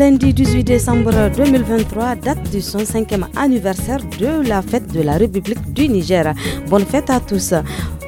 lundi 18 décembre 2023, date du 105e anniversaire de la fête de la République du Niger. Bonne fête à tous.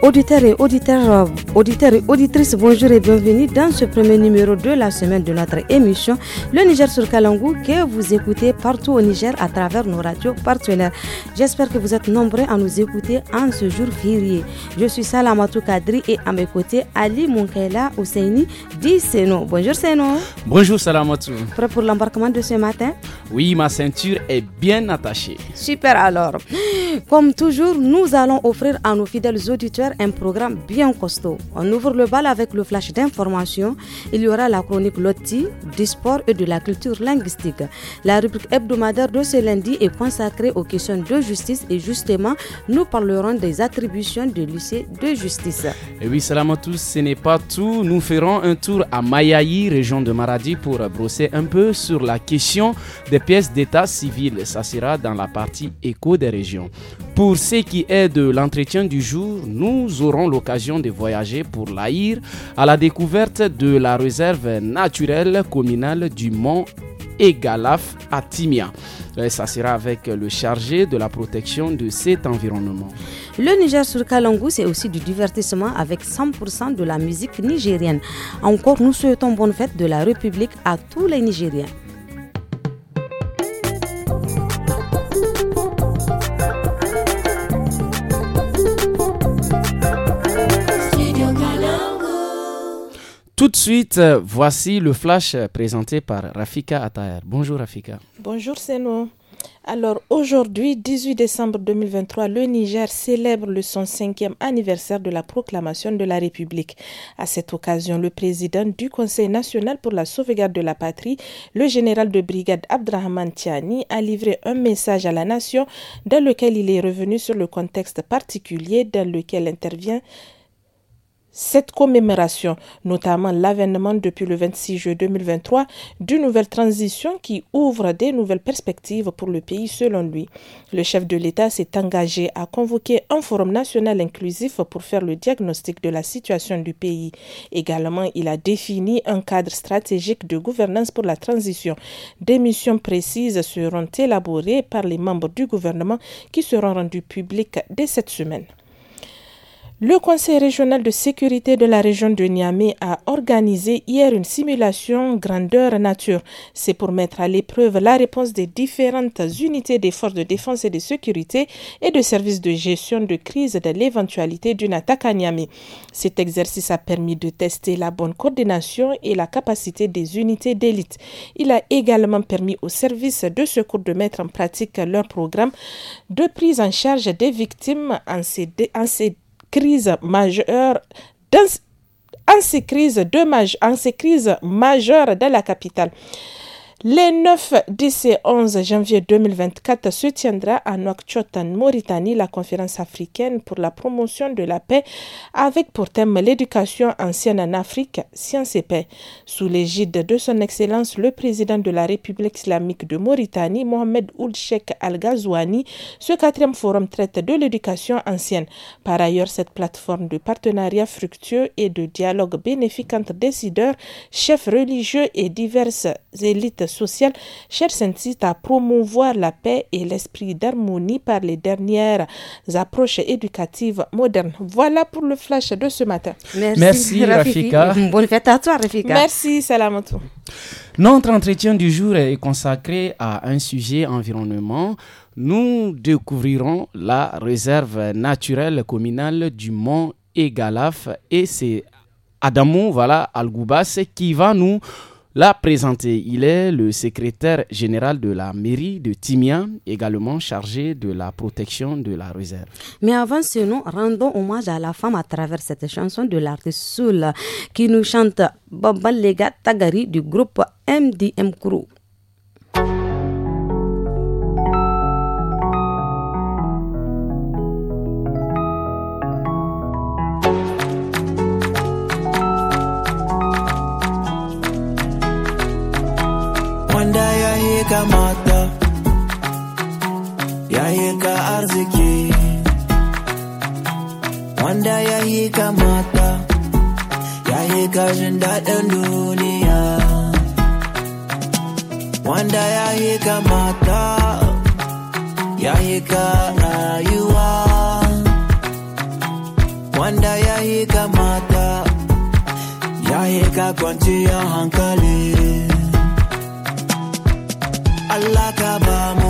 Auditeurs et auditeurs, euh, auditeurs et auditrices, bonjour et bienvenue dans ce premier numéro de la semaine de notre émission Le Niger sur Kalangou que vous écoutez partout au Niger à travers nos radios partenaires. J'espère que vous êtes nombreux à nous écouter en ce jour férié. Je suis Salamatou Kadri et à mes côtés Ali Moukela Ousseini dit Seno. Bonjour Seno. Bonjour Salamatou. Prêt pour l'embarquement de ce matin Oui, ma ceinture est bien attachée. Super alors. Comme toujours, nous allons offrir à nos fidèles auditeurs un programme bien costaud. On ouvre le bal avec le flash d'information. Il y aura la chronique Lotti, du sport et de la culture linguistique. La rubrique hebdomadaire de ce lundi est consacrée aux questions de justice et justement, nous parlerons des attributions de lycée de justice. Et oui, salam à tous, ce n'est pas tout. Nous ferons un tour à Mayaï, région de Maradi, pour brosser un peu sur la question des pièces d'état civil. Ça sera dans la partie écho des régions. Pour ce qui est de l'entretien du jour, nous nous aurons l'occasion de voyager pour l'Aïr à la découverte de la réserve naturelle communale du mont Egalaf à Timia. Euh, ça sera avec le chargé de la protection de cet environnement. Le Niger sur Kalangu, c'est aussi du divertissement avec 100% de la musique nigérienne. Encore, nous souhaitons bonne fête de la République à tous les Nigériens. Tout de suite, euh, voici le flash euh, présenté par Rafika Ataher. Bonjour Rafika. Bonjour Seno. Alors aujourd'hui, 18 décembre 2023, le Niger célèbre le 105e anniversaire de la proclamation de la République. À cette occasion, le président du Conseil national pour la sauvegarde de la patrie, le général de brigade Abdrahman Tiani, a livré un message à la nation dans lequel il est revenu sur le contexte particulier dans lequel intervient cette commémoration, notamment l'avènement depuis le 26 juillet 2023 d'une nouvelle transition qui ouvre des nouvelles perspectives pour le pays selon lui. Le chef de l'État s'est engagé à convoquer un forum national inclusif pour faire le diagnostic de la situation du pays. Également, il a défini un cadre stratégique de gouvernance pour la transition. Des missions précises seront élaborées par les membres du gouvernement qui seront rendues publiques dès cette semaine. Le Conseil régional de sécurité de la région de Niamey a organisé hier une simulation grandeur nature. C'est pour mettre à l'épreuve la réponse des différentes unités des forces de défense et de sécurité et de services de gestion de crise de l'éventualité d'une attaque à Niamey. Cet exercice a permis de tester la bonne coordination et la capacité des unités d'élite. Il a également permis aux services de secours de mettre en pratique leur programme de prise en charge des victimes en CD crise majeure, dans, ces crises en ces crises majeures de la capitale. Les 9, 10 et 11 janvier 2024 se tiendra à Nouakchott, Mauritanie, la conférence africaine pour la promotion de la paix avec pour thème l'éducation ancienne en Afrique, science et paix. Sous l'égide de son Excellence le président de la République islamique de Mauritanie, Mohamed Ould Sheikh Al-Ghazouani, ce quatrième forum traite de l'éducation ancienne. Par ailleurs, cette plateforme de partenariat fructueux et de dialogue bénéfique entre décideurs, chefs religieux et diverses élites social, cherche ainsi à promouvoir la paix et l'esprit d'harmonie par les dernières approches éducatives modernes. Voilà pour le flash de ce matin. Merci, Rafika. Bonne fête à toi, Rafika. Merci, tous Notre entretien du jour est consacré à un sujet environnement. Nous découvrirons la réserve naturelle communale du mont Egalaf et c'est Adamou voilà, Algoubas qui va nous Là présenté, il est le secrétaire général de la mairie de Timia, également chargé de la protection de la réserve. Mais avant ce nom, rendons hommage à la femme à travers cette chanson de l'artiste Soul qui nous chante Baba Lega Tagari du groupe MDM Crew. ga arziki wanda ya yi kamata ya yi kashin daɗin duniya wanda ya yi kamata ya yi ka rayuwa wanda ya yi kamata ya yi ka kwanciyar hankali Allah ka ba mu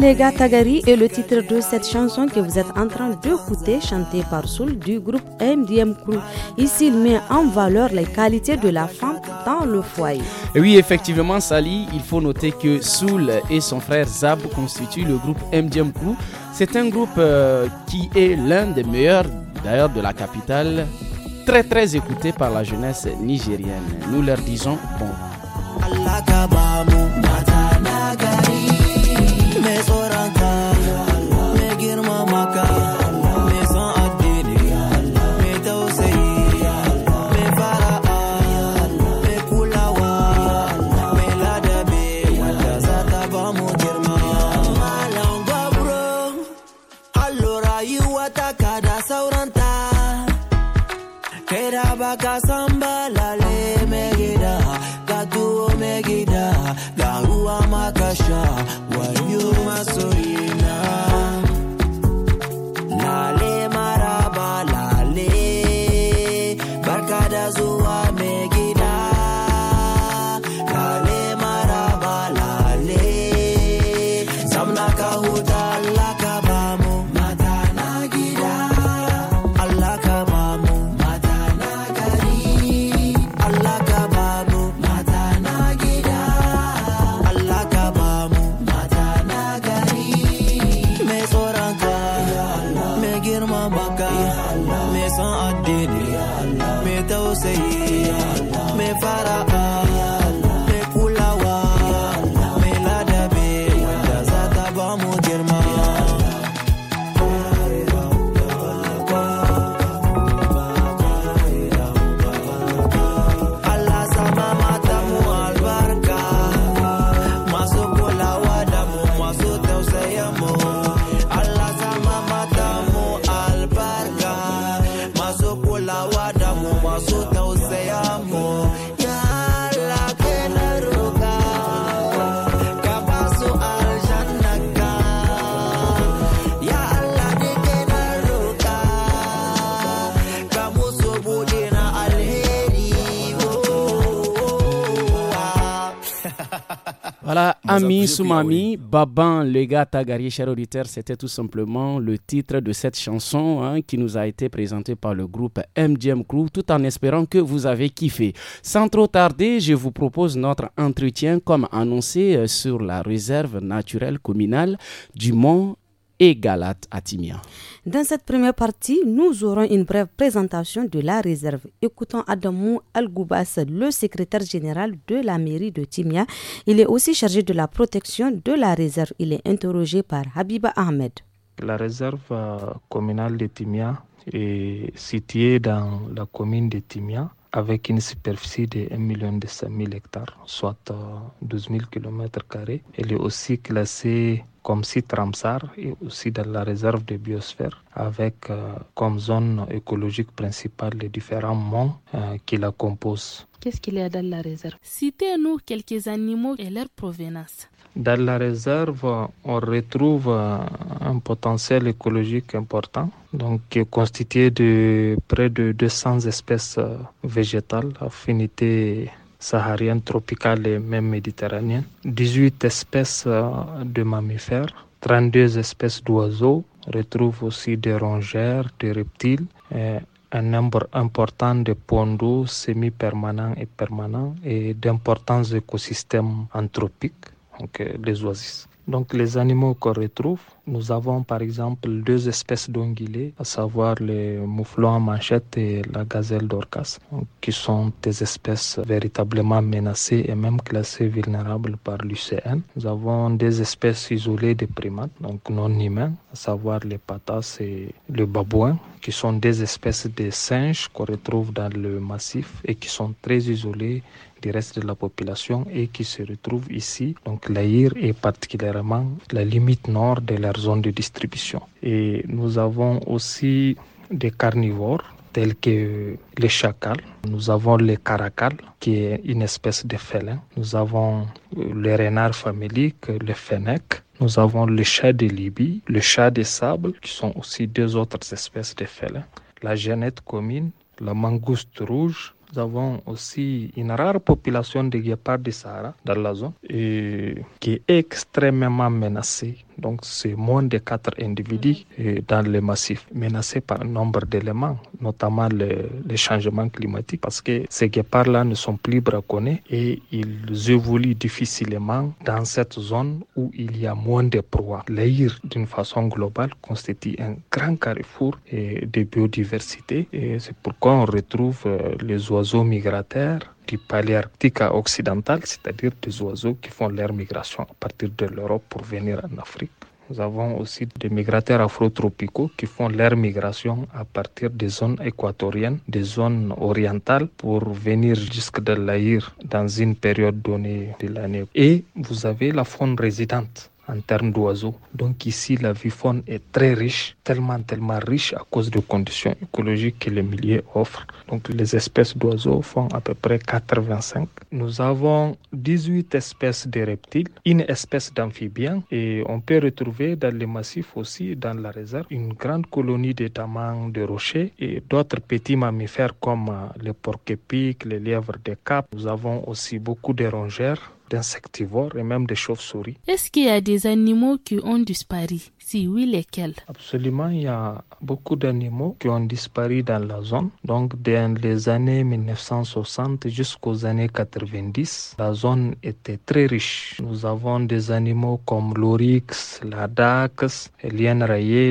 Lega Tagari est le titre de cette chanson que vous êtes en train d'écouter, chantée par Soul du groupe MDM Crew. Ici, il met en valeur les qualités de la femme dans le foyer. Et oui, effectivement, Sali, il faut noter que Soul et son frère Zab constituent le groupe MDM Crew. C'est un groupe euh, qui est l'un des meilleurs, d'ailleurs, de la capitale très très écouté par la jeunesse nigérienne. Nous leur disons bon Kasamba le megida, katuo megida, garua makasha. Soumami, ah Baban, Lega, gars Tagari, chers auditeurs, c'était tout simplement le titre de cette chanson hein, qui nous a été présentée par le groupe MGM Crew, tout en espérant que vous avez kiffé. Sans trop tarder, je vous propose notre entretien comme annoncé euh, sur la réserve naturelle communale du Mont Galate à Timia. Dans cette première partie, nous aurons une brève présentation de la réserve. Écoutons Adamou Algoubas, le secrétaire général de la mairie de Timia. Il est aussi chargé de la protection de la réserve. Il est interrogé par Habiba Ahmed. La réserve euh, communale de Timia est située dans la commune de Timia avec une superficie de 1 million hectares, soit 12 000 km. Elle est aussi classée comme site Ramsar et aussi dans la réserve de biosphère avec euh, comme zone écologique principale les différents monts euh, qui la composent. Qu'est-ce qu'il y a dans la réserve Citez-nous quelques animaux et leur provenance. Dans la réserve, on retrouve euh, un potentiel écologique important, donc qui est constitué de près de 200 espèces végétales, affinités saharien, tropicale et même méditerranéenne, 18 espèces euh, de mammifères, 32 espèces d'oiseaux, on retrouve aussi des rongères, des reptiles, un nombre important de points d'eau semi-permanents et permanents et d'importants écosystèmes anthropiques, donc euh, les oasis. Donc les animaux qu'on retrouve, nous avons par exemple deux espèces d'ongulés, à savoir le mouflon à manchette et la gazelle d'orcas, qui sont des espèces véritablement menacées et même classées vulnérables par l'UCN. Nous avons des espèces isolées des primates, donc non humains, à savoir les patas et le babouin, qui sont des espèces de singes qu'on retrouve dans le massif et qui sont très isolées du reste de la population et qui se retrouvent ici. Donc l'Aïr est particulièrement la limite nord de leur zone de distribution. Et nous avons aussi des carnivores tels que les chacals. Nous avons le caracal, qui est une espèce de félin. Nous avons euh, les renards familiques, le fennec. Nous avons le chat de Libye, le chat des sables, qui sont aussi deux autres espèces de félins. La genette commune, la mangouste rouge, nous avons aussi une rare population de guépards du Sahara dans la zone et qui est extrêmement menacée donc c'est moins de quatre individus mhm. dans le massif, menacés par un nombre d'éléments, notamment le, les changements climatique parce que ces guépards-là ne sont plus braconnés et ils évoluent difficilement dans cette zone où il y a moins de proies. L'air, d'une façon globale, constitue un grand carrefour de biodiversité et c'est pourquoi on retrouve euh, les oiseaux migrateurs, du Paléarctique à occidental, c'est-à-dire des oiseaux qui font leur migration à partir de l'Europe pour venir en Afrique. Nous avons aussi des migrateurs afrotropicaux qui font leur migration à partir des zones équatoriennes, des zones orientales pour venir jusque de l'Aïr dans une période donnée de l'année. Et vous avez la faune résidente en termes d'oiseaux. Donc ici, la vie faune est très riche, tellement, tellement riche à cause des conditions écologiques que les milieu offrent. Donc les espèces d'oiseaux font à peu près 85. Nous avons 18 espèces de reptiles, une espèce d'amphibien, et on peut retrouver dans les massifs aussi, dans la réserve, une grande colonie de tamangs, de rochers et d'autres petits mammifères comme euh, les porc-épics, les lièvres des cap. Nous avons aussi beaucoup de rongères d'insectivores et même des chauves-souris. Est-ce qu'il y a des animaux qui ont disparu Si oui, lesquels Absolument, il y a beaucoup d'animaux qui ont disparu dans la zone. Donc, dans les années 1960 jusqu'aux années 90, la zone était très riche. Nous avons des animaux comme l'oryx, la dax, l'hyène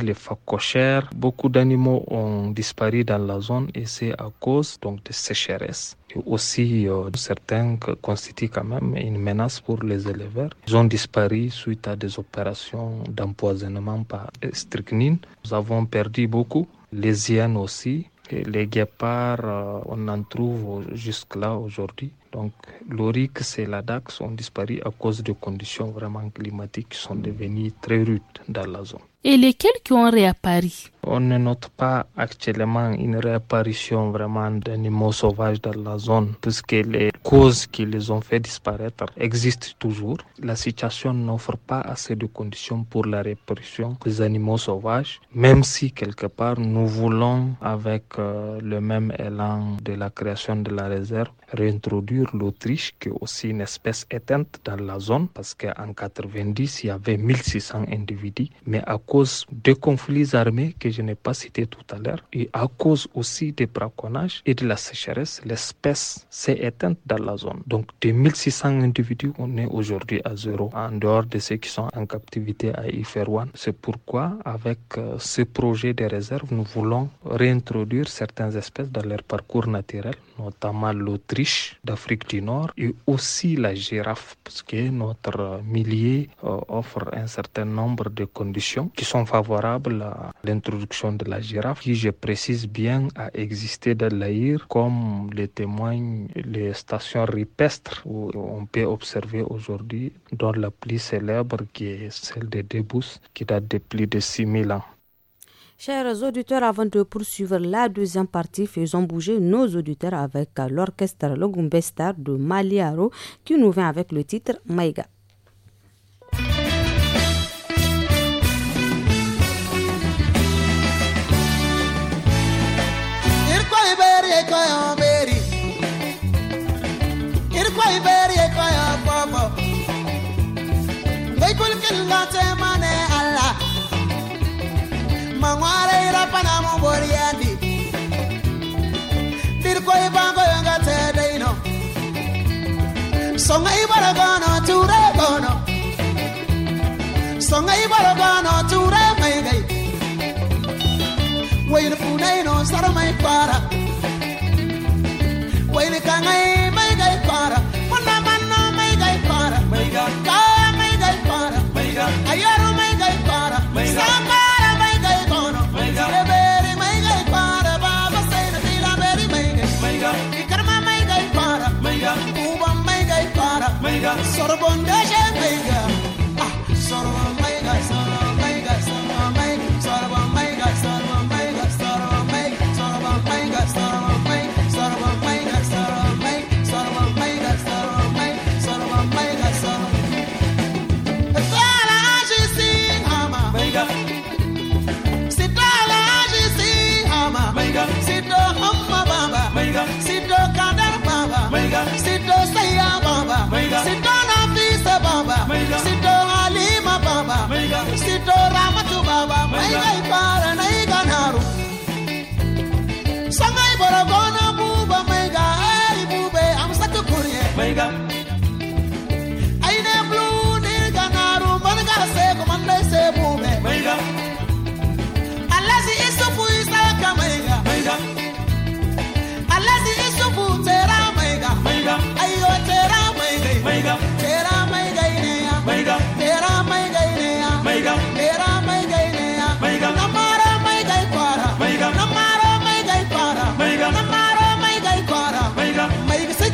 les facochères. Beaucoup d'animaux ont disparu dans la zone et c'est à cause donc de sécheresse aussi euh, certains constituent quand même une menace pour les éleveurs. Ils ont disparu suite à des opérations d'empoisonnement par strychnine. Nous avons perdu beaucoup, les hyènes aussi, et les guépards, euh, on en trouve jusque-là aujourd'hui. Donc, l'Oryx et la DAX ont disparu à cause de conditions vraiment climatiques qui sont devenues très rudes dans la zone. Et lesquels qui ont réapparu On ne note pas actuellement une réapparition vraiment d'animaux sauvages dans la zone, puisque les causes qui les ont fait disparaître existent toujours. La situation n'offre pas assez de conditions pour la réapparition des animaux sauvages, même si quelque part nous voulons, avec euh, le même élan de la création de la réserve, réintroduire l'Autriche, qui est aussi une espèce éteinte dans la zone, parce qu'en 90, il y avait 1600 individus. Mais à cause des conflits armés que je n'ai pas cités tout à l'heure, et à cause aussi des braconnages et de la sécheresse, l'espèce s'est éteinte dans la zone. Donc, de 1600 individus, on est aujourd'hui à zéro, en dehors de ceux qui sont en captivité à Iferwan C'est pourquoi, avec euh, ce projet de réserve, nous voulons réintroduire certaines espèces dans leur parcours naturel, notamment l'Autriche d'Afrique du Nord et aussi la girafe, parce que notre milieu euh, offre un certain nombre de conditions qui sont favorables à l'introduction de la girafe, qui, je précise bien, a existé dans l'Aïr, comme le témoignent les stations ripestres où on peut observer aujourd'hui, dans la plus célèbre qui est celle de Debous, qui date de plus de 6000 ans. Chers auditeurs, avant de poursuivre la deuxième partie, faisons bouger nos auditeurs avec l'orchestre Logumbe de Maliaro qui nous vient avec le titre Maïga. bondad.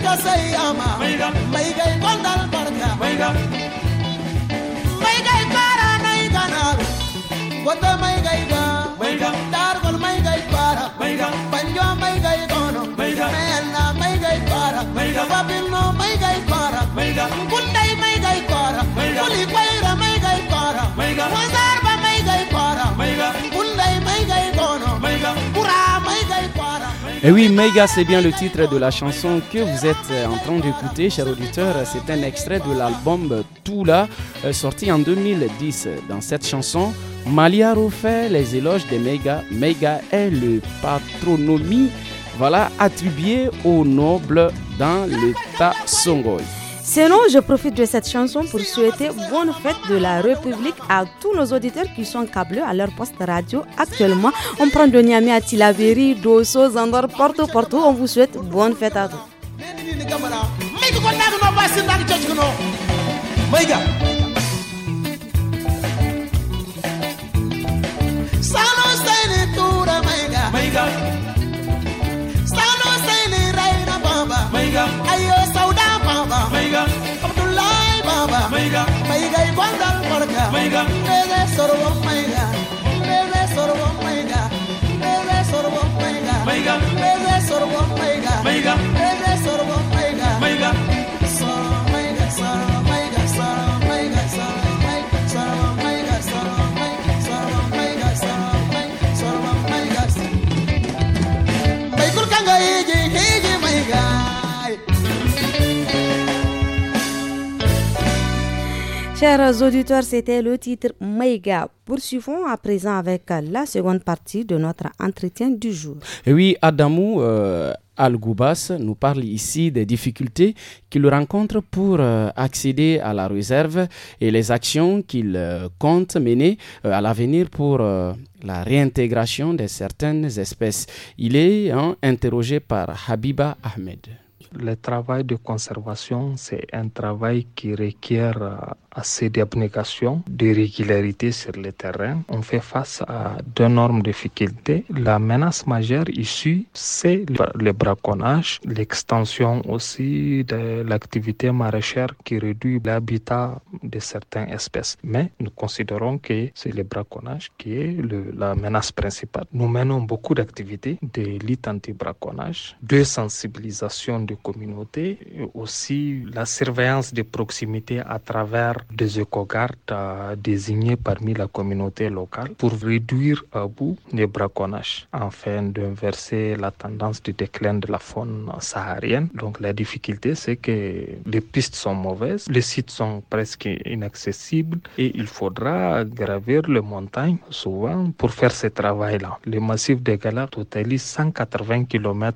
I say ama may gay Et oui, Mega, c'est bien le titre de la chanson que vous êtes euh, en train d'écouter, cher auditeur. C'est un extrait de l'album Tula, euh, sorti en 2010. Dans cette chanson, Malia refait les éloges des Mega. Mega est le patronomie voilà, attribuée aux nobles dans l'état Songoï. Sinon, je profite de cette chanson pour souhaiter bonne fête de la République à tous nos auditeurs qui sont câblés à leur poste radio actuellement. On prend de Niamey à Tilaveri, Dosso, Zandor, Porto, Porto. On vous souhaite bonne fête à tous. maiga y ibandal barka maiga mede sorbo maiga mede sorbo me de sorbo meiga sorbo meiga Chers auditeurs, c'était le titre Mega. Poursuivons à présent avec la seconde partie de notre entretien du jour. oui, Adamou euh, Al-Goubas nous parle ici des difficultés qu'il rencontre pour euh, accéder à la réserve et les actions qu'il euh, compte mener à l'avenir pour la réintégration de certaines espèces. Il est hein, interrogé par Habiba Ahmed. Le travail de conservation, c'est un travail qui requiert euh, assez d'abnégation, de régularité sur le terrain. On fait face à d'énormes difficultés. La menace majeure issue, c'est le braconnage, l'extension aussi de l'activité maraîchère qui réduit l'habitat de certaines espèces. Mais nous considérons que c'est le braconnage qui est la menace principale. Nous menons beaucoup d'activités de lutte anti-braconnage, de sensibilisation de communauté, aussi la surveillance de proximité à travers des écogardes euh, désignés parmi la communauté locale pour réduire à euh, bout les braconnages afin d'inverser la tendance du déclin de la faune saharienne. Donc la difficulté, c'est que les pistes sont mauvaises, les sites sont presque inaccessibles et il faudra gravir les montagnes souvent pour faire ce travail-là. Le massif des Galas totalise 180 km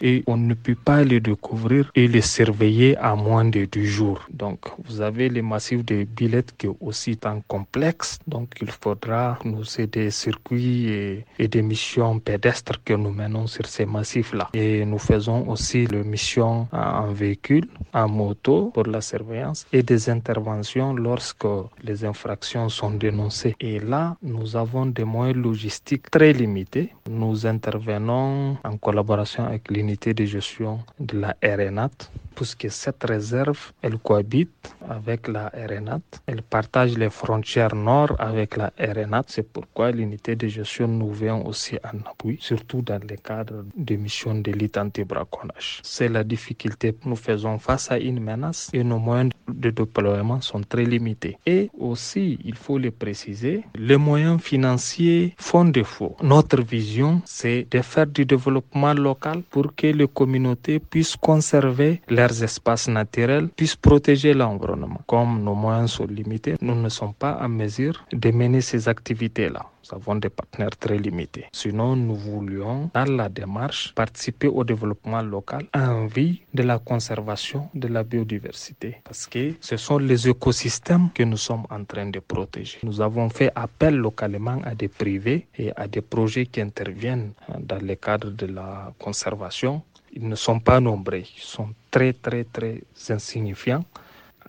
et on ne peut pas les découvrir et les surveiller à moins de deux jours. Donc, vous avez les massifs de billets qui est aussi tant complexe. Donc, il faudra nous aider circuits et, des missions pédestres que nous menons sur ces massifs-là. Et nous faisons aussi les missions en véhicule, en moto pour la surveillance et des interventions lorsque les infractions sont dénoncées. Et là, nous avons des moyens logistiques très limités. Nous intervenons en collaboration avec l'unité de gestion de la RNAT, puisque cette réserve, elle cohabite avec la RNAT. Elle partage les frontières nord avec la RNAT. C'est pourquoi l'unité de gestion nous vient aussi en appui, surtout dans le cadre de missions d'élite anti-braconnage. C'est la difficulté. Nous faisons face à une menace et nos moyens de déploiement sont très limités. Et aussi, il faut le préciser, les moyens financiers font défaut. Notre vision, c'est de faire du développement local pour que les communautés puissent conserver leurs espaces naturels, puissent protéger l'environnement. Comme nos moyens sont limités, nous ne sommes pas en mesure de mener ces activités-là. Nous avons des partenaires très limités. Sinon, nous voulions, dans la démarche, participer au développement local en vue de la conservation de la biodiversité. Parce que ce sont les écosystèmes que nous sommes en train de protéger. Nous avons fait appel localement à des privés et à des projets qui interviennent euh, dans le cadre de la conservation ils ne sont pas nombreux, ils sont très très très insignifiants.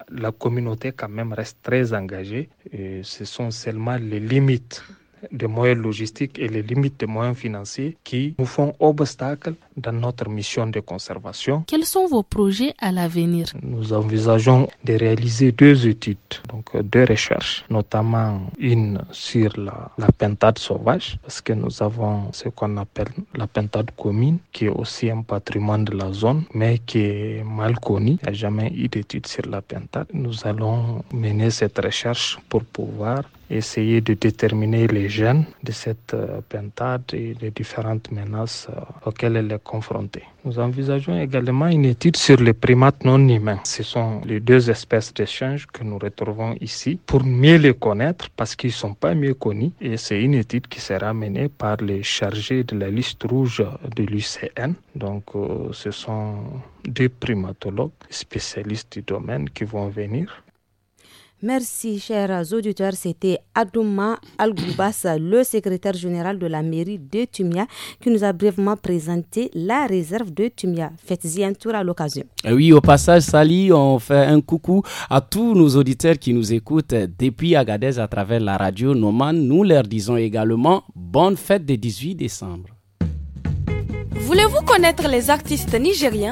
La communauté quand même reste très engagée. ce sont seulement les limites des moyens logistiques et les limites des moyens financiers qui nous font obstacle dans notre mission de conservation. Quels sont vos projets à l'avenir Nous envisageons de réaliser deux études, donc euh, deux recherches, notamment une sur la, la pentade sauvage, parce que nous avons ce qu'on appelle la pentade commune, qui est aussi un patrimoine de la zone, mais qui est mal connu. Il n'y a jamais eu d'études sur la pentade. Nous allons mener cette recherche pour pouvoir essayer de déterminer les gènes de cette euh, pentade et les différentes menaces euh, auxquelles elle est confrontés. Nous envisageons également une étude sur les primates non humains. Ce sont les deux espèces d'échange que nous retrouvons ici pour mieux les connaître parce qu'ils ne sont pas mieux connus et c'est une étude qui sera menée par les chargés de la liste rouge de l'UCN. Donc euh, ce sont deux primatologues spécialistes du domaine qui vont venir Merci, chers auditeurs. C'était Adouma Algoubas, le secrétaire général de la mairie de Tumia, qui nous a brièvement présenté la réserve de Tumia. Faites-y un tour à l'occasion. Eh oui, au passage, Sali, on fait un coucou à tous nos auditeurs qui nous écoutent depuis Agadez à travers la radio Noman. Nous leur disons également bonne fête des 18 décembre. Voulez-vous connaître les artistes nigériens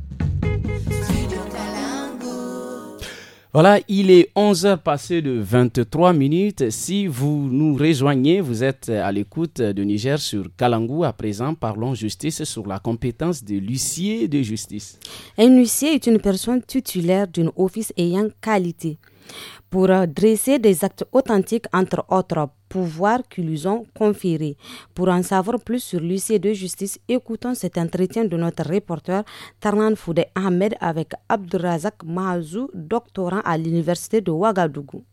Voilà, il est 11h passé de 23 minutes. Si vous nous rejoignez, vous êtes à l'écoute de Niger sur Kalangou. À présent, parlons justice sur la compétence de l'huissier de justice. Un huissier est une personne titulaire d'un office ayant qualité pour dresser des actes authentiques, entre autres pouvoirs qu'ils lui ont conférés. Pour en savoir plus sur l'huissier de justice, écoutons cet entretien de notre reporter Tarnan Foudé Ahmed avec Abdurazak Mahazou, doctorant à l'université de Ouagadougou.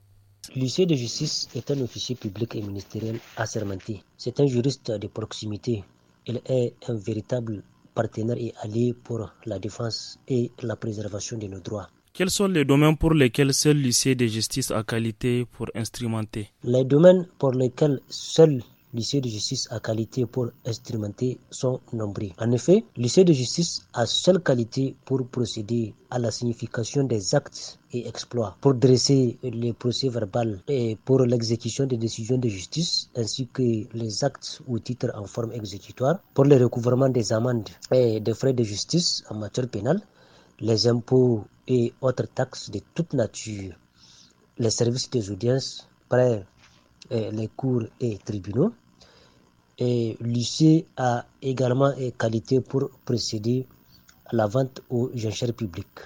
L'huissier de justice est un officier public et ministériel assermenté. C'est un juriste de proximité. Il est un véritable partenaire et allié pour la défense et la préservation de nos droits. Quels sont les domaines pour lesquels seul lycée de justice a qualité pour instrumenter Les domaines pour lesquels seul lycée de justice à qualité pour instrumenter sont nombreux. En effet, lycée de justice a seule qualité pour procéder à la signification des actes et exploits, pour dresser les procès verbaux et pour l'exécution des décisions de justice, ainsi que les actes ou titres en forme exécutoire, pour le recouvrement des amendes et des frais de justice en matière pénale, les impôts et autres taxes de toute nature. Les services des audiences près les cours et tribunaux. Et l'UC a également qualité pour procéder à la vente aux enchères publiques.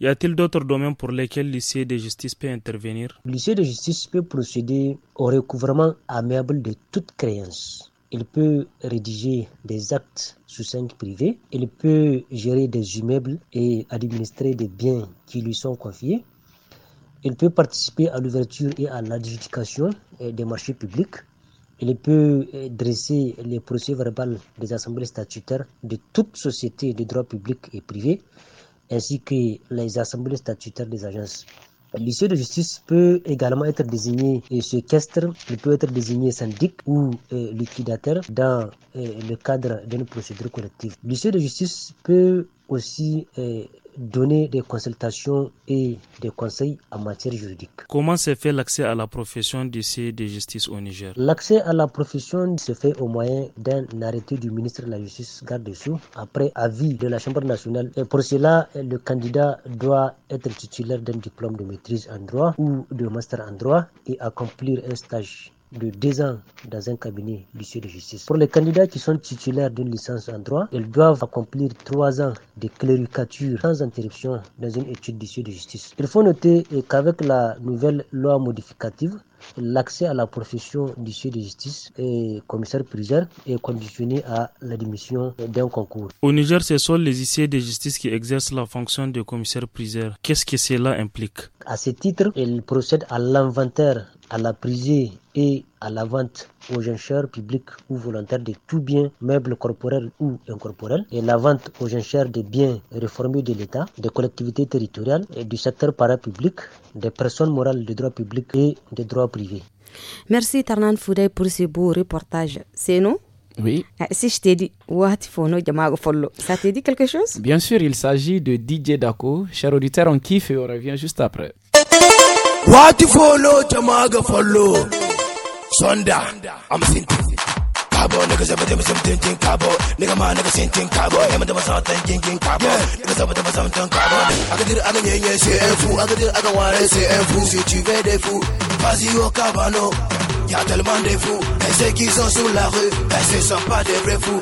Y a-t-il d'autres domaines pour lesquels lycée de justice peut intervenir lycée de justice peut procéder au recouvrement amiable de toute créance il peut rédiger des actes sous cinq privés, il peut gérer des immeubles et administrer des biens qui lui sont confiés, il peut participer à l'ouverture et à l'adjudication euh, des marchés publics, il peut euh, dresser les procès verbales des assemblées statutaires de toute société de droit public et privé, ainsi que les assemblées statutaires des agences. L'huissier de justice peut également être désigné séquestre, il peut être désigné syndic ou euh, liquidateur dans euh, le cadre d'une procédure collective. L'huissier de justice peut aussi euh, donner des consultations et des conseils en matière juridique. Comment se fait l'accès à la profession d'ici de justice au Niger L'accès à la profession se fait au moyen d'un arrêté du ministre de la Justice garde dessous après avis de la Chambre nationale. Et pour cela, le candidat doit être titulaire d'un diplôme de maîtrise en droit ou de master en droit et accomplir un stage de deux ans dans un cabinet d'issue de justice. Pour les candidats qui sont titulaires d'une licence en droit, ils doivent accomplir trois ans de cléricature sans interruption dans une étude d'issue de justice. Il faut noter qu'avec la nouvelle loi modificative, l'accès à la profession d'issue de justice et commissaire-priseur est conditionné à l'admission d'un concours. Au Niger, ce sont les huissiers de justice qui exercent la fonction de commissaire-priseur. Qu'est-ce que cela implique À ce titre, ils procèdent à l'inventaire, à la prise et à la vente aux enchères publiques ou volontaires de tout bien meubles corporel ou incorporel et la vente aux enchères des biens réformés de l'État, des collectivités territoriales et du secteur parapublic, des personnes morales de droit public et de droits privés. Merci Tarnan Fouday pour ce beau reportage. C'est nous oui. Ah, si je t'ai dit, ça t'a dit quelque chose Bien sûr, il s'agit de DJ Dako. Cher auditeur, on kiffe et on revient juste après. What follow, Sonda, I'm thinking. Cabo, niggas ever cabo. Nigga man cabo. Him and them thinking cabo. I can do eh, I yeah I do eh, eh, tu veux des fous. Vas-y au cabano. a tellement de fous. Et ceux qui sont sous la rue. Et ce sont pas des vrais fous.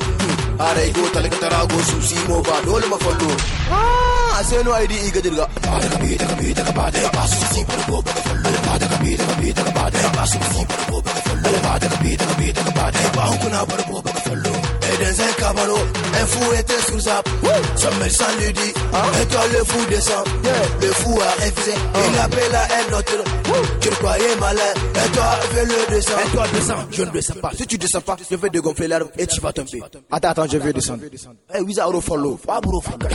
aray gotal ga tarago su simo ba dole mafando ah sai id iga dirga ba kabi da kabi da ba da ba su si farko ba fallo ba kabi da kabi da ba da ba su si farko ba fallo ba da kabi da kabi da ba da ba kuna ba fallo un un fou était sous lui dit, et toi le fou descend, le fou a il appelle à un autre, tu le croyais malin, et toi fais le descend, Et toi descends, je ne descends pas, si tu descends pas, je vais gonfler l'arbre et tu vas tomber. Attends, attends, je vais descendre. Eh, follow, tu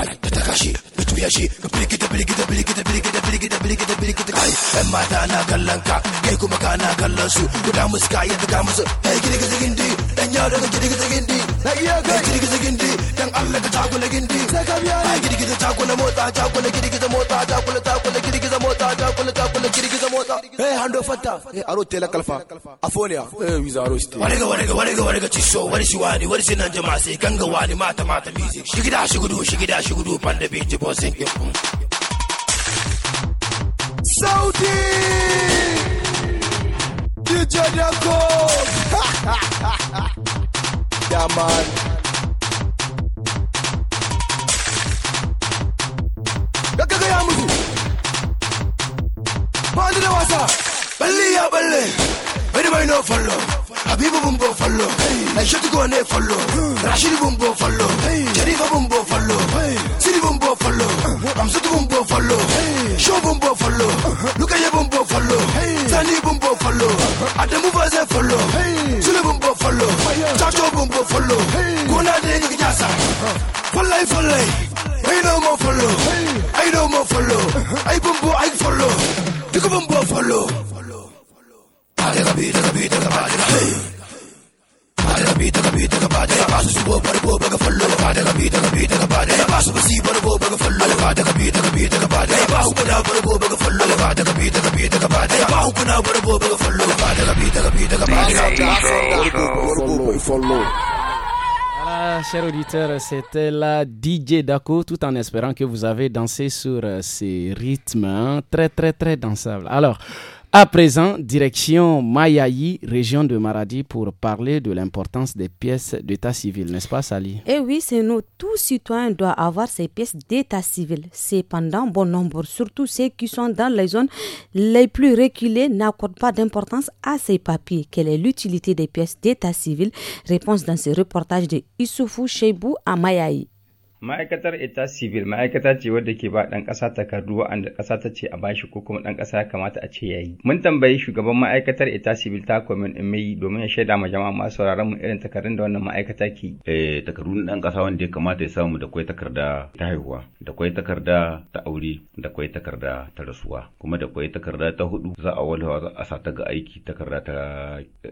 iya kai girgiza gindi kalfa afonia wari wari mata mata music Saudi DJ Dako yeah, man. gaya musu ba da wasa balle Habibu Bumbo Fallo, Aishatu Gwane Fallo, Rashid Bumbo Fallo, Jarifa Bumbo Fallo, Siri Bumbo Fallo, Amsatu Bumbo Fallo, Show Bumbo Fallo, Lukaya Bumbo Fallo, Sani Bumbo Fallo, Adamu Vaze Fallo, Sule Bumbo Fallo, Chacho Bumbo Fallo, Gona Dengi Jasa, Fallai Fallai, I no more follow, I no more follow, I bumbo, I follow, Duku Bumbo follow, chers auditeurs, c'était la DJ Dako, tout en espérant que vous avez dansé sur euh, ces rythmes hein. très, très, très dansables. Alors, à présent, direction Mayaï, région de Maradi, pour parler de l'importance des pièces d'état civil, n'est-ce pas, Sali Eh oui, c'est nous. Tout citoyen doit avoir ses pièces d'état civil. Cependant, bon nombre, surtout ceux qui sont dans les zones les plus reculées, n'accordent pas d'importance à ces papiers. Quelle est l'utilité des pièces d'état civil Réponse dans ce reportage de Issoufou Cheibou à Mayaï. ma'aikatar ita civil ma'aikata ce wadda ke ba ɗan kasa takardu wa'anda kasa ta ce a bashi ko kuma ɗan kasa ya kamata a ce ya yi mun tambayi shugaban ma'aikatar ita civil ta in mai domin ya shaida ma jama'a masu sauraron mu irin takardun da wannan ma'aikata ke eh takardu na ɗan kasa wanda ya kamata ya samu da kai takarda ta haihuwa da kwai takarda ta aure da kwai takarda ta rasuwa kuma da kai takarda ta hudu za a walwa za a sa ga aiki takarda ta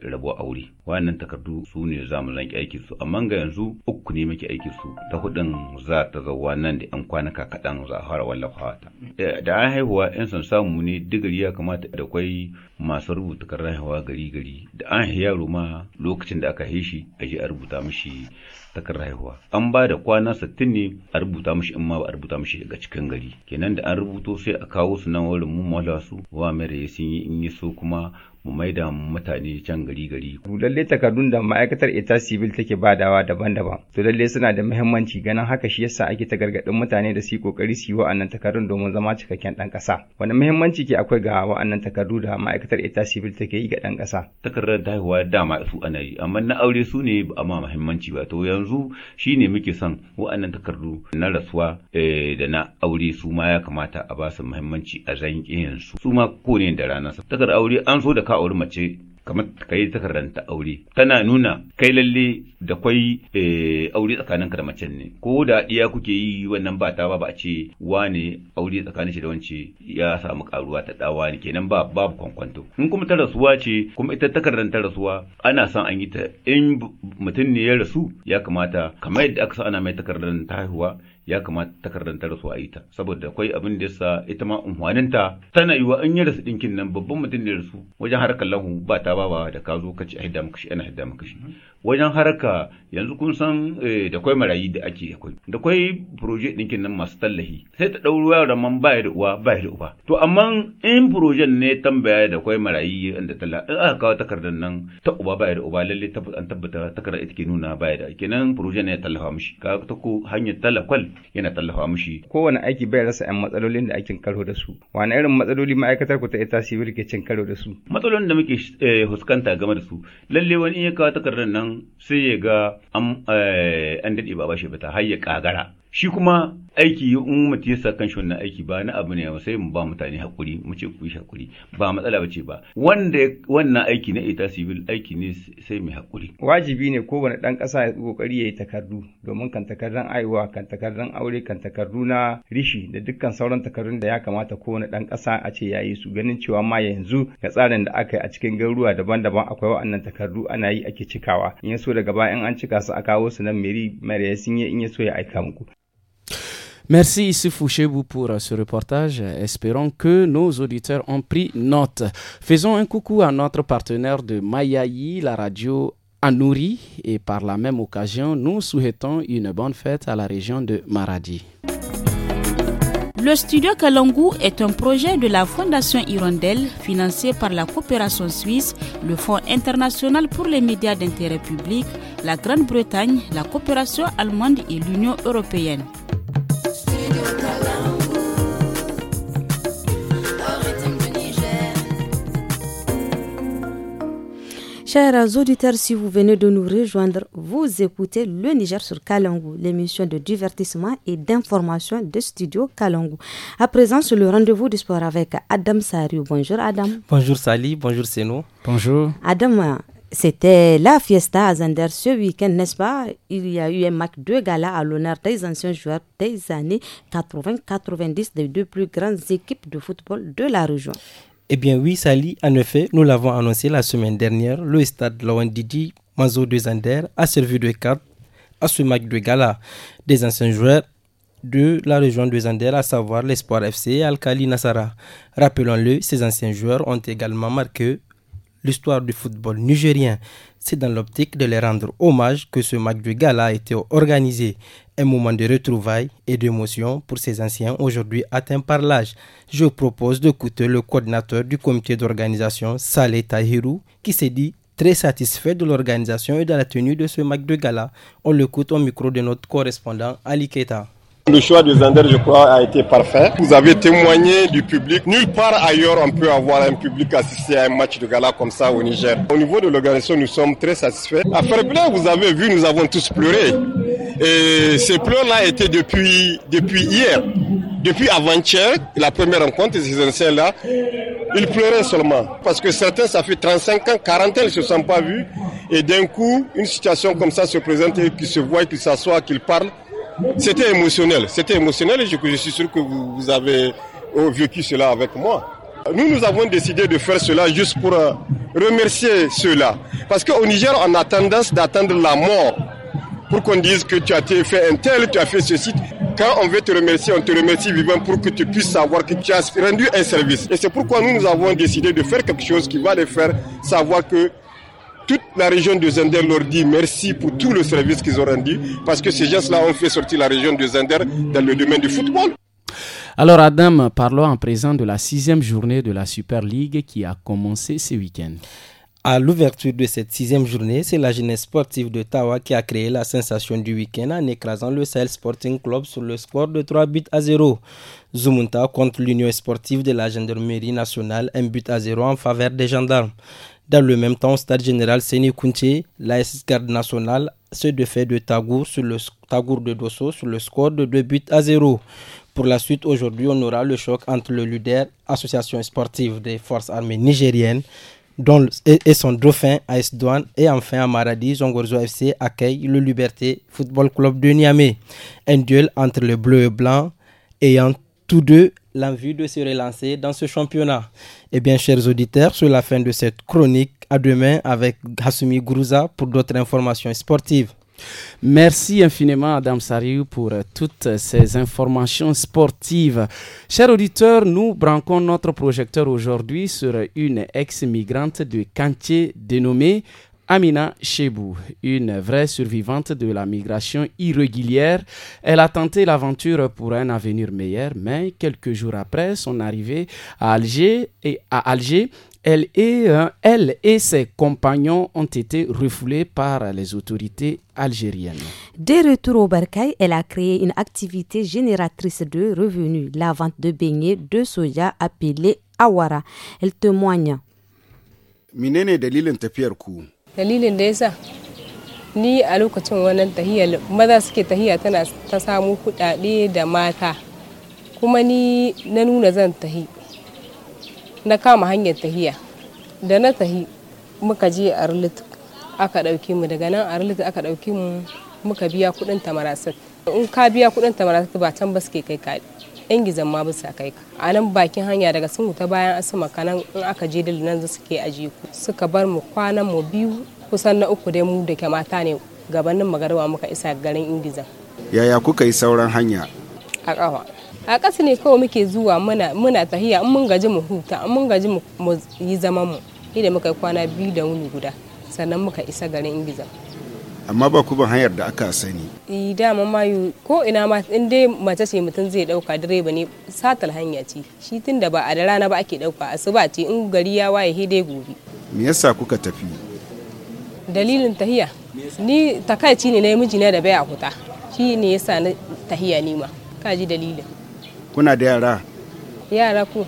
rabo aure wannan takardu su ne za mu zanki aiki su amma ga yanzu uku ne muke aiki su ta hudun za ta zauwa nan da 'yan kwanaka kaɗan za a fara wallafa ta. Eh, da an haihuwa 'yan san samu ne digiri ya kamata da kwai masu rubuta kan haihuwa gari gari da an yaro ma lokacin da aka haishi a je a rubuta mishi takardar haihuwa an ba da kwana 60 ne a rubuta mishi in ma ba a rubuta mishi daga cikin gari kenan da an rubuto sai a kawo su nan wurin mu mala su wa mere sun yi in yi so kuma mu maida mutane can gari gari lalle takardun da ma'aikatar ita civil take badawa daban-daban to lalle suna da muhimmanci ganin haka shi yasa ake ta gargadin mutane da su yi kokari su yi wa'annan takardun domin zama cikakken dan kasa wani muhimmanci ke akwai ga wa'annan takardu da ma'aikatar ita civil take yi ga dan kasa takardar da haihuwa dama su ana yi amma na aure su ne ba ma muhimmanci ba to yanzu yanzu shi ne muke son wa'annan takardu na rasuwa eh, da na aure su ma ya kamata a ba su muhimmanci a yanzu. su ma ko ne da sa? takardar aure an so da ka auri mace kamar ka yi takaranta aure tana nuna kai lalle da kwai eh, aure tsakanin ka da macen ne ko da iya kuke yi wannan ba ta ba ba a ce wane aure tsakanin shi da wance ya samu karuwa ta dawa ne kenan ba babu kwankwanto in kuma ta rasuwa ce kuma ita takaranta rasuwa ana son an yi ta in mutum ne ya rasu ya kamata kamar yadda aka sa ana mai takardar ta haihuwa ya kamata takardar ta rasu a yi ta saboda akwai abin da yasa ita ma unhwaninta tana yiwa in ya rasu dinkin nan babban mutum da rasu wajen harkar lahu ba ta ba da ka zo ka ce a hidda ana hidda kashi. Mm-hmm. wajen haraka yanzu kun san eh, da kwai marayi da ake akwai da kwai proje dinkin nan masu tallahi sai ta ɗauri yaran man ba da uwa ba da uba to amma in proje ne tambaya da kwai marayi inda talla in aka kawo takardar nan ta uba ba da uba lalle an tabbata takardar ita ke nuna ba da kenan proje ne ya tallafa mishi ka ta ko hanyar talakwal yana tallafa mushi. kowane aiki bai rasa yan matsalolin da ake karo da su wani irin matsaloli ma'aikatar ku ta ita civil ke cin karo da su matsalolin da muke huskanta eh, game da su lalle wani ya kawo takardar nan sai ya ga an eh, daɗe ba bashi ba ta har ya kagara shi kuma aiki in mutum ya sa kan shi wannan aiki ba na abu ne ba sai mu ba mutane hakuri mu ce ku yi hakuri ba matsala ba ce ba wanda wannan aiki na ita civil aiki ne sai mai hakuri wajibi ne kowane dan kasa ya kokari yayi takardu domin kan takardun aiwa kan takardan aure kan takardu na rishi da dukkan sauran takardun da ya kamata kowane dan kasa a ce yayi su ganin cewa ma yanzu ga tsarin da aka yi a cikin garuruwa daban-daban akwai wa'annan takardu ana yi ake cikawa in ya so daga baya in an cika su a kawo su nan meri mare sun yi in ya so ya aika muku Merci ici vous pour euh, ce reportage. Espérons que nos auditeurs ont pris note. Faisons un coucou à notre partenaire de Mayaï, la radio Anouri, et par la même occasion, nous souhaitons une bonne fête à la région de Maradi. Le studio Kalangu est un projet de la Fondation Hirondelle financé par la coopération suisse, le Fonds international pour les médias d'intérêt public, la Grande-Bretagne, la coopération allemande et l'Union européenne. Chers auditeurs, si vous venez de nous rejoindre, vous écoutez le Niger sur Kalangu, l'émission de divertissement et d'information de Studio Kalangu. À présent, sur le rendez-vous du sport avec Adam Sariou. Bonjour Adam. Bonjour Sali, bonjour Seno. Bonjour. Adam, c'était la fiesta à Zander ce week-end, n'est-ce pas Il y a eu un match de gala à l'honneur des anciens joueurs des années 80-90 des deux plus grandes équipes de football de la région. Eh bien oui, Sali, en effet, nous l'avons annoncé la semaine dernière, le stade Lawandidi Mazo de Zander a servi de carte à ce match de gala des anciens joueurs de la région de Zander, à savoir l'Espoir FC et Al-Khali Nassara. Rappelons-le, ces anciens joueurs ont également marqué l'histoire du football nigérien. C'est dans l'optique de les rendre hommage que ce match de gala a été organisé un moment de retrouvailles et d'émotion pour ces anciens aujourd'hui atteints par l'âge. Je propose d'écouter le coordinateur du comité d'organisation, Saleh Tahiru qui s'est dit très satisfait de l'organisation et de la tenue de ce MAC de gala. On l'écoute au micro de notre correspondant Ali Keta. Le choix de Zander, je crois, a été parfait. Vous avez témoigné du public. Nulle part ailleurs, on peut avoir un public assisté à un match de gala comme ça au Niger. Au niveau de l'organisation, nous sommes très satisfaits. À Fairplay, vous avez vu, nous avons tous pleuré. Et ces pleurs-là étaient depuis, depuis hier. Depuis avant-hier, la première rencontre, ces anciens-là, ils pleuraient seulement. Parce que certains, ça fait 35 ans, 40 ans, ils ne se sont pas vus. Et d'un coup, une situation comme ça se présente et qu'ils se voient, qu'ils s'assoient, qu'ils parlent. C'était émotionnel, c'était émotionnel et je, je, suis sûr que vous, avez euh, vécu cela avec moi. Nous, nous avons décidé de faire cela juste pour euh, remercier ceux-là. Parce qu'au Niger, on a tendance d'attendre la mort pour qu'on dise que tu as fait un tel, tu as fait ceci. Quand on veut te remercier, on te remercie vivant pour que tu puisses savoir que tu as rendu un service. Et c'est pourquoi nous, nous avons décidé de faire quelque chose qui va les faire savoir que toute la région de Zender leur dit merci pour tout le service qu'ils ont rendu parce que ces gens là ont fait sortir la région de Zender dans le domaine du football. Alors Adam, parlons en présent de la sixième journée de la Super League qui a commencé ce week-end. À l'ouverture de cette sixième journée, c'est la jeunesse sportive de Tawa qui a créé la sensation du week-end en écrasant le Sahel Sporting Club sur le score de 3 buts à 0. Zumunta contre l'Union sportive de la gendarmerie nationale, un but à 0 en faveur des gendarmes. Dans le même temps, Stade Général Séné Kounté, l'AS Garde Nationale, se défait de Tagour, sur le, Tagour de Dosso sur le score de 2 buts à 0. Pour la suite, aujourd'hui, on aura le choc entre le LUDER, Association sportive des forces armées nigériennes, dont, et, son dauphin AS Douane. Et enfin, à Maradi, Zongorzo FC accueille le Liberté Football Club de Niamey. Un duel entre le bleu et blanc ayant tous deux l'envie de se relancer dans ce championnat. Eh bien, chers auditeurs, sur la fin de cette chronique. À demain avec Hassoumi Gourouza pour d'autres informations sportives. Merci infiniment, Adam Sariou, pour euh, toutes ces informations sportives. Chers auditeurs, nous branquons notre projecteur aujourd'hui sur une ex-migrante du Kantier dénommée Amina Chebou, une vraie survivante de la migration irrégulière, elle a tenté l'aventure pour un avenir meilleur, mais quelques jours après son arrivée à Alger, et à Alger elle et, euh, ses compagnons ont été refoulés par les autorités algériennes. Dès retour au Barkaï, elle a créé une activité génératrice de revenus, la vente de beignets de soja appelée awara. Elle témoigne. dalilin da yasa ni a lokacin wannan tahiyar maza suke tahiya tana ta samu kudade da mata kuma ni na nuna zan tahi na kama hanyar tahiya da na tahi muka je arlit aka ɗauki mu daga nan arlit aka ɗauki mu muka biya kudin tamarasat in ka biya kudin tamarasat ba can ba suke kai kaɗi yan gizan ma bisa kai ka a nan bakin hanya daga sun ta bayan asuma kanan in aka je dil nan suke a ku suka bar mu kwanan mu biyu kusan na uku dai mu da ke mata ne gabanin magarwa muka isa garin ingiza yaya kuka yi sauran hanya a kawa a ƙasa ne kawai muke zuwa muna muna tahiya in mun gaji mu huta in mun gaji mu yi zaman mu idan muka yi kwana biyu da wuni guda sannan muka isa garin ingiza amma ba kuban hanyar da aka sani eh dama mayu ko ina ma in dai mace ce mutum zai dauka direba ne satal hanya ce shi tun da ba a da rana ba ake dauka asuba ce in gari ya waye dai gobe me yasa kuka tafi dalilin tahiya ni takaici ne na miji na da baya huta shi ne yasa na tahiya ni ma ka ji dalilin kuna da yara yara ku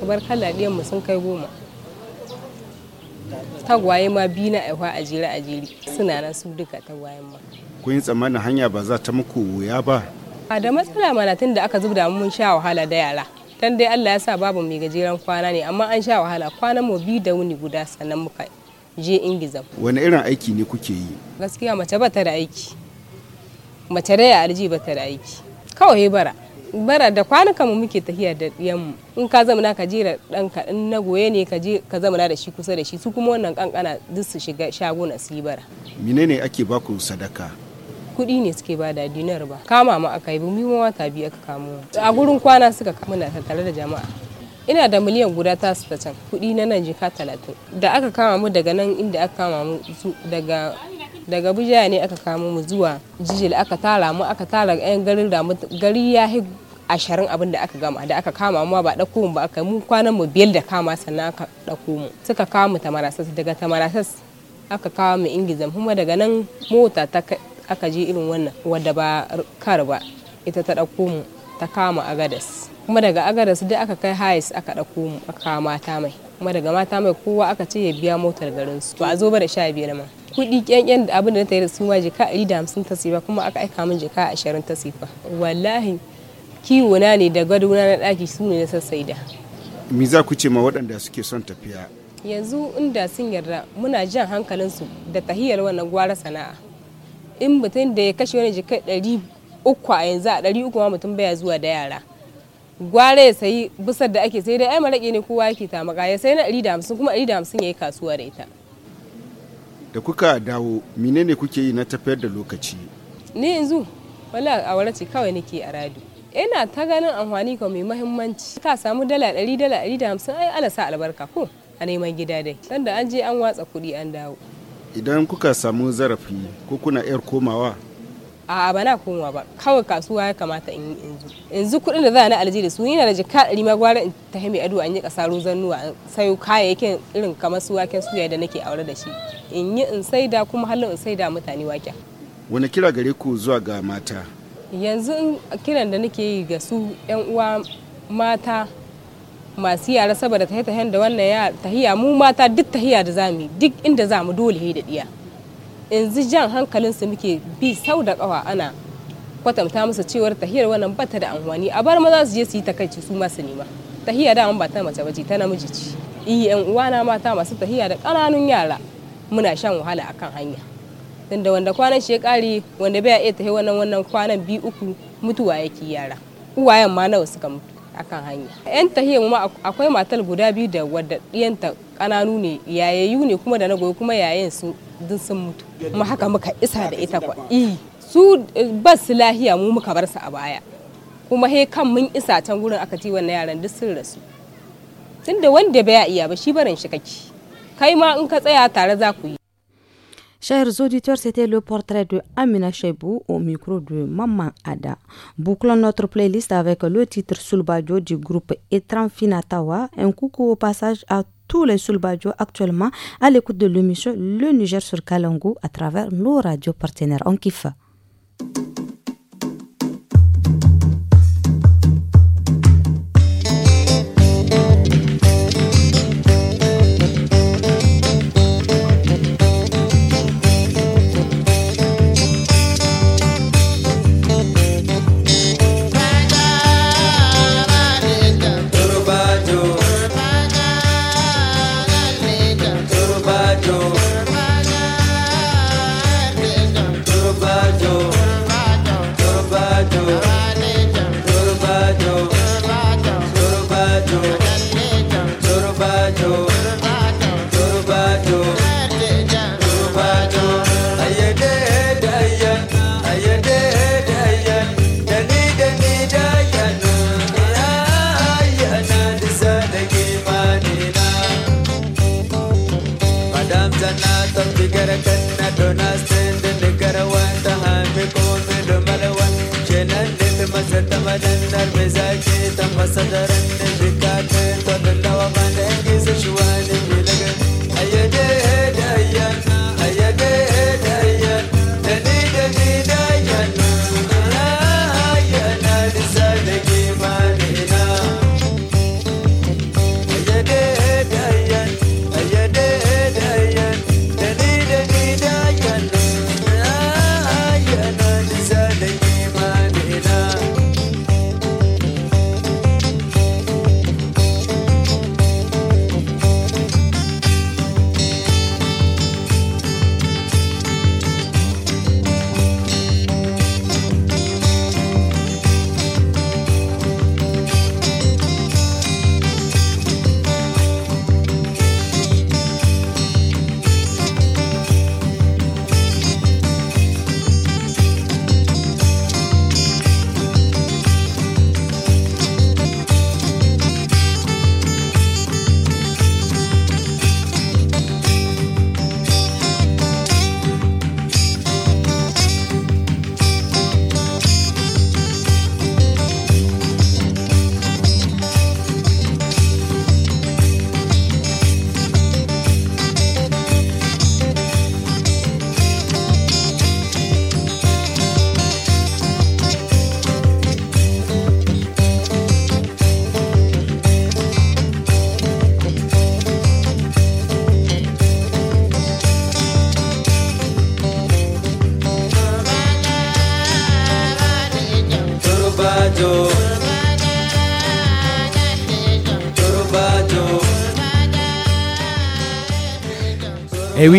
kabar kala mu sun kai goma tagwaye ma biyu na aihuwa a jere a jere suna nan su duka tagwayen ma. Kun yi tsammanin hanya ba za ta muku wuya ba? A da matsala mana tun da aka zubda mun sha wahala da yara. Dan dai Allah ya sa babu mai gajeren kwana ne amma an sha wahala kwanan mu biyu da wuni guda sannan muka je ingiza Wani irin aiki ne kuke yi? Gaskiya mace ba ta da aiki. Mace da ya alji ba ta da aiki. Kawai bara. bara da kwanuka mu muke tafiya da mu in ka zamana ka je jera ka in na goye ne ka je ka zamana da shi kusa da shi su kuma wannan kankana duk su shiga shaguna su yi bara menene ake baku sadaka kuɗi ne suke da dinar ba kama mu aka yi ba mu wata biyu aka kamo a gurin kwana suka kama na tattare da jama'a ina da miliyan guda ta su ta can kuɗi na nan jika talatin da aka kama mu daga nan inda aka kama mu daga daga bujaya ne aka kama mu zuwa jijil aka tara mu aka tara yan garin da gari ya ashirin abin da aka gama da aka kama amma ba ɗauko mu ba aka mu kwanan mu biyar da kama sannan aka ɗauko mu suka kawo mu tamarasas daga tamarasas aka kawo mu ingizam kuma daga nan mota ta aka je irin wannan wadda ba kar ba ita ta ɗauko mu ta kama agadas kuma daga agadas duk aka kai hayes aka ɗauko mu aka kawo mata mai kuma daga mata mai kowa aka ce ya biya motar garin su to a zo ba da sha biyar ma kuɗi kyankyan da abin da ta yi da su ma jika ɗari da hamsin ta sifa kuma aka aika min jika ashirin ta sifa wallahi na ne da gado na ɗaki su ne na sassaida me za ku ce ma waɗanda suke son tafiya yanzu inda sun yarda muna jan hankalinsu da tahiyar wannan gwara sana'a in mutum da ya kashe wani jikai ɗari uku a yanzu a ɗari uku ma mutum baya zuwa da yara gwara ya sayi busar da ake sai dai ai maraƙi ne kowa yake tamaka ya sai na ɗari da hamsin kuma ɗari da hamsin ya yi kasuwa da ita da kuka dawo menene kuke yi na tafiyar da lokaci ni yanzu wala a ce kawai nake a radio. ina ta ganin amfani ka mai mahimmanci ka samu dala ɗari dala ɗari da hamsin ai ala sa albarka ko a neman gida dai sanda an je an watsa kuɗi an dawo idan kuka samu zarafi ko kuna yar komawa a'a ba na komawa ba kawai kasuwa ya kamata in yi yanzu yanzu kuɗin da za na alji da su yana da jika ɗari ma gwara in ta mai ado an yi ƙasaro zannuwa an sayo kayayyakin irin kamar su waken suya da nake aure da shi in yi in saida kuma halin in saida mutane waken wani kira gare ku zuwa ga mata yanzu kiran da nake yi ga su 'yan uwa mata masu yara saboda ta hita da wannan ya tahiya mu mata duk tahiya da zamu duk inda zamu dole he da diya yanzu jan hankalin su muke bi sau da kawa ana kwatanta musu cewar tahiyar wannan bata da anwani a bar maza su je su yi takaici su ma nema tahiya da ba ta mace bace ta namiji ce yi yan uwana mata masu tahiya da ƙananun yara muna shan wahala akan hanya tunda wanda kwanan shi ya kare wanda bai iya tafi wannan wannan kwanan bi uku mutuwa yake yara uwayen ma nawa suka mutu akan hanya yan tahiya ma akwai matar guda biyu da wadda ɗiyanta kananu ne yayayu ne kuma da na goyi kuma yayin su sun mutu kuma haka muka isa da ita kwa eh, su eh, ba su lahiya mu muka bar su a baya kuma he kan mun isa can gurin aka ci wannan yaran duk sun rasu tunda wanda bai iya ba shi barin shi kake kai ma in ka tsaya tare za ku yi Chers auditeurs, c'était le portrait de Amina Chebou au micro de Maman Ada. Bouclons notre playlist avec le titre Sulbadio du groupe Etran Finatawa. Un coucou au passage à tous les Sulbadio actuellement à l'écoute de l'émission Le Niger sur Kalangu à travers nos radios partenaires. On kiffe. I got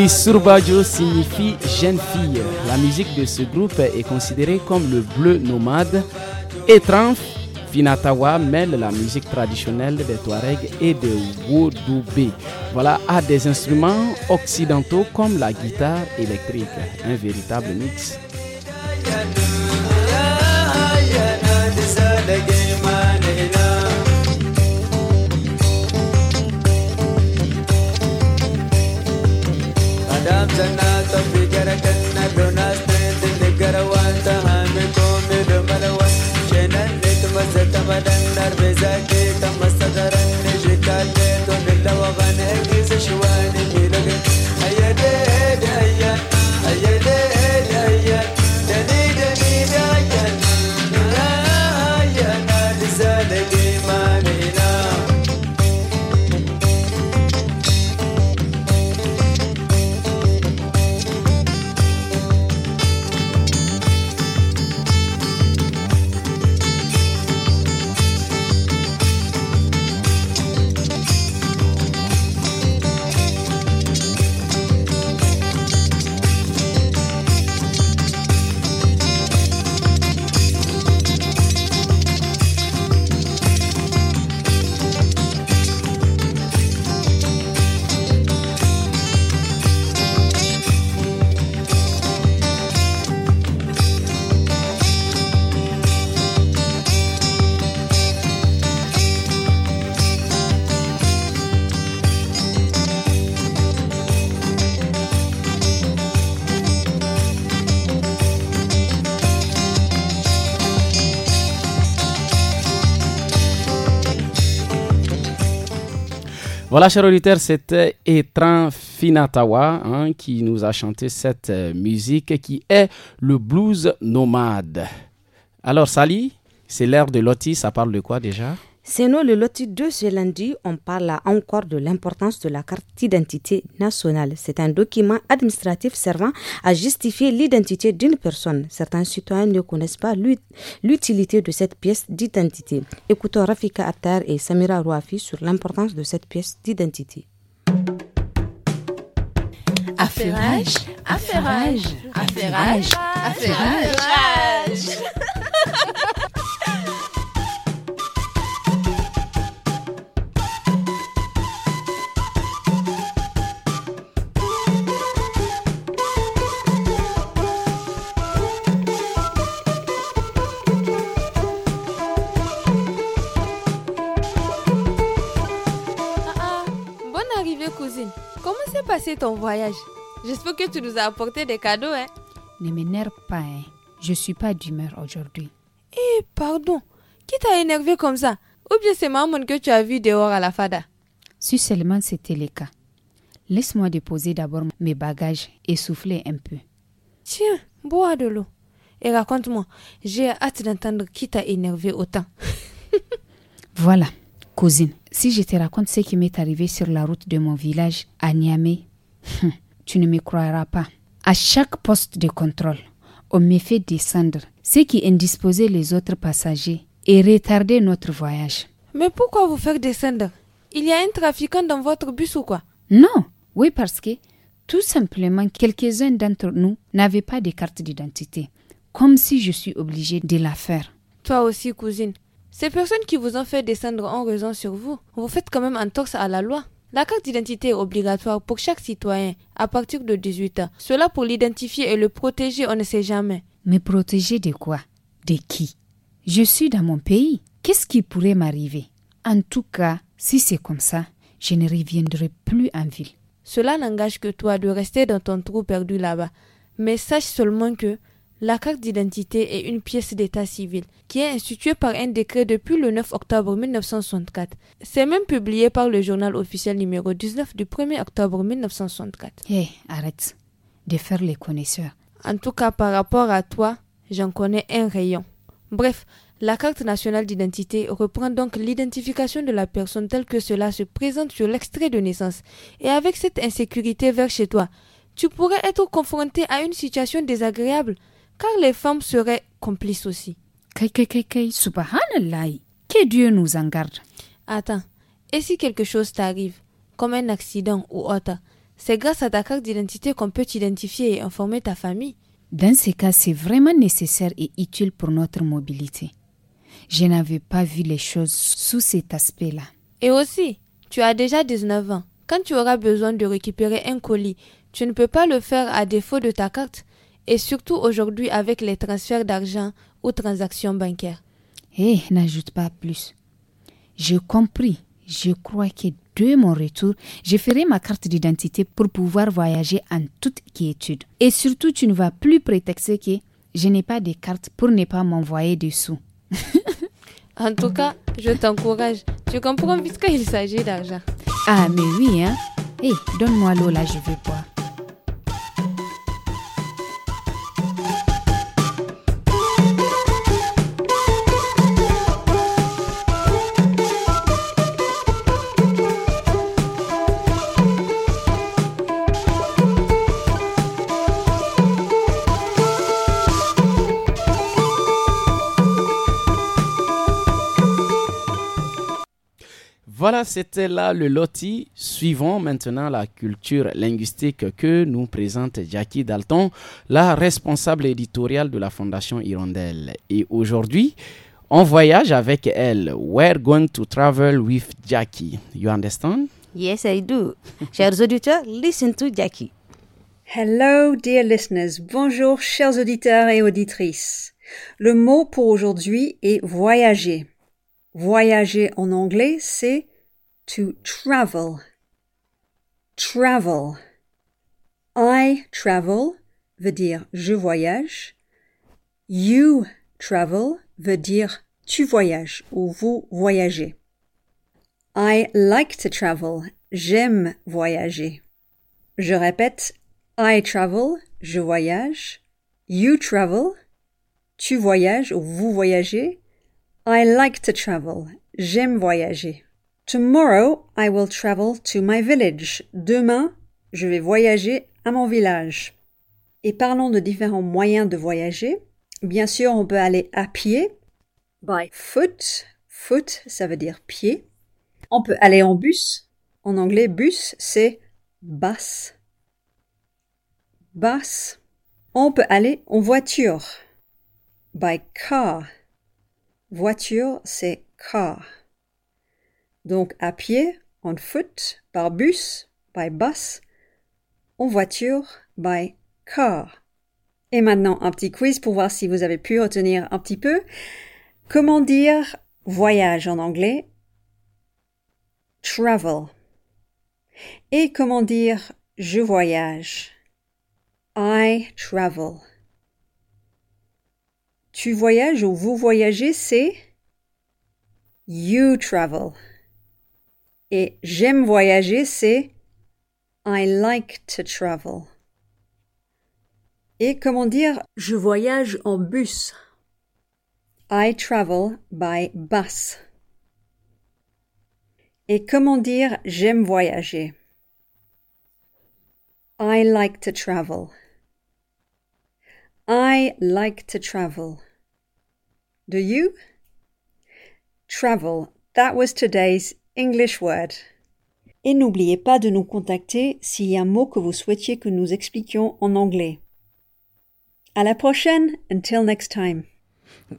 Surbajo signifie jeune fille. La musique de ce groupe est considérée comme le bleu nomade. Et Finatawa mêle la musique traditionnelle des Touaregs et des Wodoubé. Voilà, à des instruments occidentaux comme la guitare électrique. Un véritable mix. La chers auditeurs, c'était Etran Finatawa hein, qui nous a chanté cette euh, musique qui est le blues nomade. Alors, Sally, c'est l'ère de Lottie, ça parle de quoi déjà c'est nous le loti de ce lundi, on parle encore de l'importance de la carte d'identité nationale. C'est un document administratif servant à justifier l'identité d'une personne. Certains citoyens ne connaissent pas l'utilité de cette pièce d'identité. Écoutons Rafika Attar et Samira Rouafi sur l'importance de cette pièce d'identité. passé ton voyage J'espère que tu nous as apporté des cadeaux, hein Ne m'énerve pas, hein. Je suis pas d'humeur aujourd'hui. Eh, pardon. Qui t'a énervé comme ça Ou bien c'est Maman que tu as vu dehors à la fada Si seulement c'était le cas. Laisse-moi déposer d'abord mes bagages et souffler un peu. Tiens, bois de l'eau. Et raconte-moi, j'ai hâte d'entendre qui t'a énervé autant. voilà, cousine. Si je te raconte ce qui m'est arrivé sur la route de mon village à Niamey, hmm, tu ne me croiras pas. À chaque poste de contrôle, on me fait descendre, ce qui indisposait les autres passagers et retardait notre voyage. Mais pourquoi vous faire descendre Il y a un trafiquant dans votre bus ou quoi Non, oui parce que tout simplement quelques-uns d'entre nous n'avaient pas de carte d'identité, comme si je suis obligée de la faire. Toi aussi, cousine, ces personnes qui vous ont fait descendre en raison sur vous, vous faites quand même un torse à la loi. La carte d'identité est obligatoire pour chaque citoyen à partir de 18 ans. Cela pour l'identifier et le protéger, on ne sait jamais. Mais protéger de quoi De qui Je suis dans mon pays. Qu'est-ce qui pourrait m'arriver En tout cas, si c'est comme ça, je ne reviendrai plus en ville. Cela n'engage que toi de rester dans ton trou perdu là-bas. Mais sache seulement que la carte d'identité est une pièce d'état civil qui est instituée par un décret depuis le 9 octobre 1964. C'est même publié par le journal officiel numéro 19 du 1er octobre 1964. Hé, arrête de faire les connaisseurs. En tout cas, par rapport à toi, j'en connais un rayon. Bref, la carte nationale d'identité reprend donc l'identification de la personne telle que cela se présente sur l'extrait de naissance. Et avec cette insécurité vers chez toi, tu pourrais être confronté à une situation désagréable car les femmes seraient complices aussi. subhanallah, que Dieu nous en garde. Attends, et si quelque chose t'arrive, comme un accident ou autre, c'est grâce à ta carte d'identité qu'on peut t'identifier et informer ta famille. Dans ces cas, c'est vraiment nécessaire et utile pour notre mobilité. Je n'avais pas vu les choses sous cet aspect-là. Et aussi, tu as déjà 19 ans. Quand tu auras besoin de récupérer un colis, tu ne peux pas le faire à défaut de ta carte et surtout aujourd'hui avec les transferts d'argent ou transactions bancaires. Hé, n'ajoute pas plus. J'ai compris. Je crois que de mon retour, je ferai ma carte d'identité pour pouvoir voyager en toute quiétude. Et surtout, tu ne vas plus prétexter que je n'ai pas de carte pour ne pas m'envoyer des sous. en tout cas, je t'encourage. Tu comprends puisqu'il s'agit d'argent. Ah, mais oui, hein. Hé, donne-moi l'eau là, je veux boire. Voilà, c'était là le loti. Suivons maintenant la culture linguistique que nous présente Jackie Dalton, la responsable éditoriale de la Fondation Hirondelle. Et aujourd'hui, on voyage avec elle. We're going to travel with Jackie. You understand? Yes, I do. Chers auditeurs, listen to Jackie. Hello, dear listeners. Bonjour, chers auditeurs et auditrices. Le mot pour aujourd'hui est voyager. Voyager en anglais, c'est to travel. Travel. I travel veut dire je voyage. You travel veut dire tu voyages ou vous voyagez. I like to travel. J'aime voyager. Je répète, I travel, je voyage. You travel, tu voyages ou vous voyagez. I like to travel. J'aime voyager. Tomorrow I will travel to my village. Demain, je vais voyager à mon village. Et parlons de différents moyens de voyager. Bien sûr, on peut aller à pied, by foot. Foot, ça veut dire pied. On peut aller en bus. En anglais, bus, c'est bus. Bus. On peut aller en voiture. By car. Voiture, c'est car. Donc à pied, on foot, par bus, by bus, en voiture, by car. Et maintenant, un petit quiz pour voir si vous avez pu retenir un petit peu. Comment dire voyage en anglais? Travel. Et comment dire je voyage? I travel. Tu voyages ou vous voyagez, c'est you travel. Et j'aime voyager, c'est I like to travel. Et comment dire je voyage en bus I travel by bus. Et comment dire j'aime voyager I like to travel. I like to travel. Do you? Travel. That was today's English word. Et n'oubliez pas de nous contacter s'il y a un mot que vous souhaitiez que nous expliquions en anglais. À la prochaine, until next time.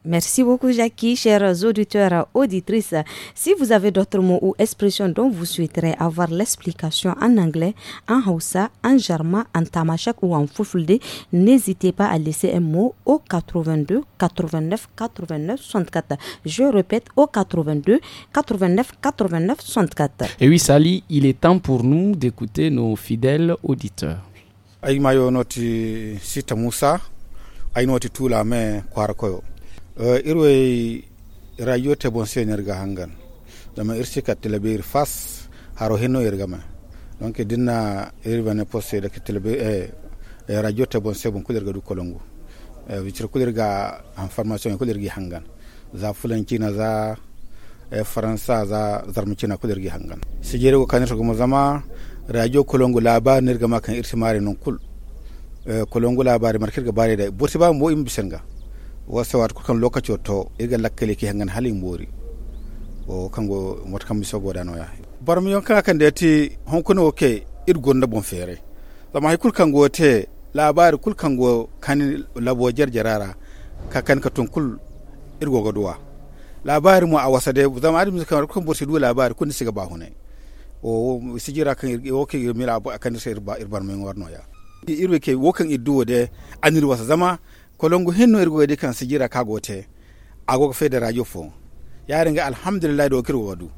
Merci beaucoup, Jackie. Chers auditeurs, auditrices, si vous avez d'autres mots ou expressions dont vous souhaiterez avoir l'explication en anglais, en Hausa, en jarma, en tamashak ou en foufuldé n'hésitez pas à laisser un mot au 82 89 89 64. Je répète, au 82 89 89 64. Et oui, Sali, il est temps pour nous d'écouter nos fidèles auditeurs. Aïmayo noti Sita Moussa, aïnoti Kwarakoyo. Eh, irwoy radio te bon senerga hangan dama irsi kattila be ir fas haro hinno irgama donc dinna irvane poste da kattila be eh, eh, radio te bon sebon kulirga du kolongu eh, vicir kulirga an formation kulirgi hangan za fulancina za eh, faransa za zarmucina kulirgi hangan sijere ko kanir ko zama radio kolongu laba nirgama kan irsi mare non kul eh, kolongu labari markirga bare da botiba mo imbisenga wosa wata kukan lokaci to iga lakkale ki hangan halin bori o kango mota kan miso goda noya bar mi yonka kan da ti honkuno oke ir gonda bon fere zama hay kulkan go te labari kulkan go kan labo jarjarara ka kan ka tun kul ir gogoduwa labari mu a wasa de zama adim kan kan borsi du labari kun siga ba hunai o sijira kan o ke mi labo akan sir ba ir bar mi warno noya irwe ke wokan idduwo de anir wasa zama kolongu hinno irgo wedi kan sijira kago te ago da radio fo nga alhamdulillah do kirwo wadu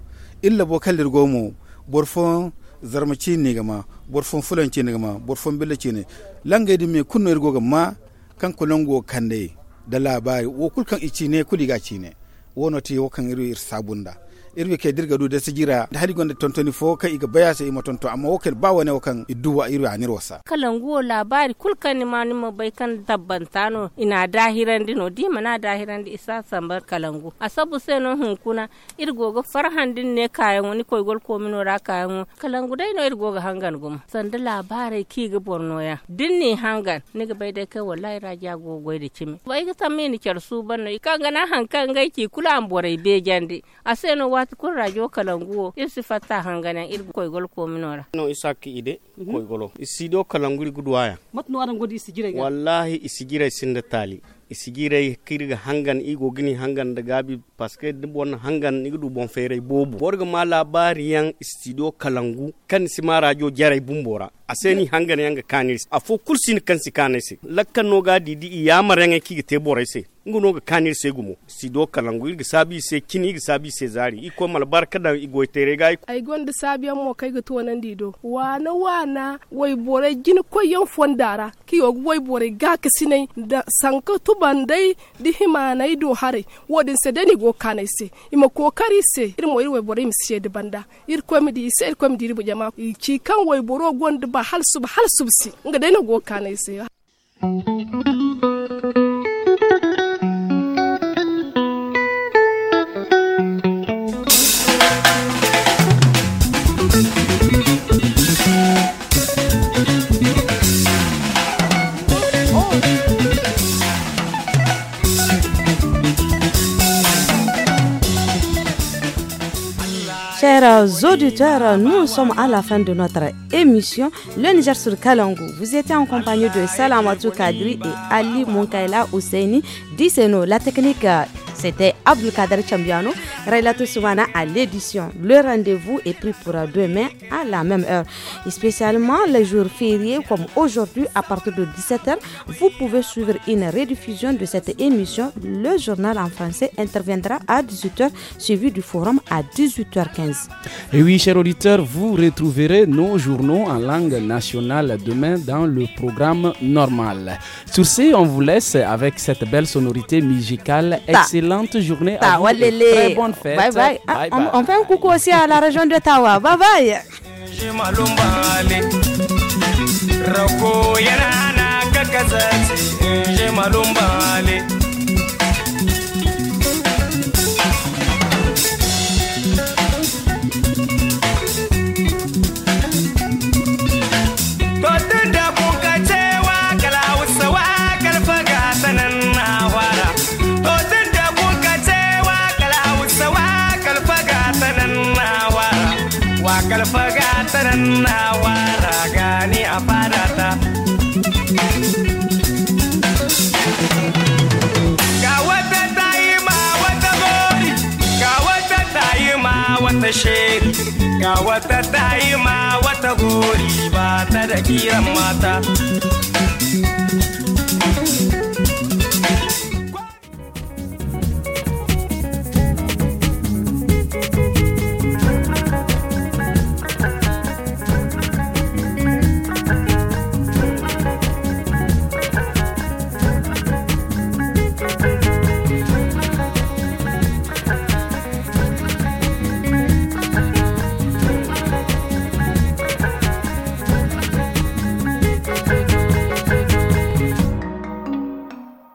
illa bo kallir gomo borfo zarma cini gama borfo fulan cini gama borfo billa cini langa di me kunno irgo gama kan kolongu kande da labari wo kulkan icine ne kuliga cine wono ti kan iru ir sabunda irwe ke dirga du da sigira da hadi gonda tontoni fo ka iga baya sai mo tonto amma woken ba wane wakan iduwa irwe anir wasa kalanguwo labari kulkan ni ma bai kan tabbantano ina dahiran dino di mana dahiran di isa sambar kalangu asabu sai no hunkuna irgoga farhan din ne kayan wani koy gol ko mino ra kayan kalangu dai no irgoga hangan gum sanda labarai ki ga borno ya din ne hangan ni ga bai da kai wallahi raja gogo da cimi bai ga tamme ni kyar banno ikan ga na hankan gaiki kula an borai be jandi a no matukun radio kalanguwo ifsi il hanganan irgu koygol minora no isaki ide mhm. koygolo isido kalanguri gudwaya matno aran godi isigirai wallahi isigirai sinda tali isigire kirga hangan igo gini hangan da gabi paske bon hangan du bon fere bobu borga ma isi do istido kalangu kan sima radio jarai bumbora aseni hangane yanga kanirse afo kulsin kansi kanese lakka noga didi yamarenga kigi te borese nguno ga kanirse gumo sido kalangu ilga sabi se kini ilga sabi se zari iko mal barka da igo tere ga ai gonda sabi mo kai ga to nan dido wana wana wai bore gin ko yon fondara ki yo wai bore ga ka sinai da sanka to bandai di himana ido hare wodin se deni go kanise ima ko kari se irmo irwe bore mi se de banda ir ko mi di se ir ko mi di bu jama ki kan wai boro suba hal suba hal subsi nga dhayna guwa kaanaysiyo Chers auditeurs, nous sommes à la fin de notre émission Le Niger sur Kalangou. Vous étiez en compagnie de Salamatou Kadri et Ali Monkaila Ousseini. nous la technique c'était Abdelkader Chambiano, Raylato Souvana à l'édition. Le rendez-vous est pris pour demain à la même heure. Et spécialement les jours fériés comme aujourd'hui à partir de 17h, vous pouvez suivre une rediffusion de cette émission. Le journal en français interviendra à 18h, suivi du forum à 18h15. Et oui, chers auditeurs, vous retrouverez nos journaux en langue nationale demain dans le programme normal. Sur ce, on vous laisse avec cette belle sonorité musicale excellente excellente journée. À vous très bonne fête. Bye bye. Ah, bye, bye. On, on, fait un coucou aussi à la région de Tawa. Bye bye. Rako yana na kakazati, je malumbale. dannawa raga ni a fadata ga wata ta yi ma wata wata yi ma wata wata yi ma wata gori ba ta da kiran mata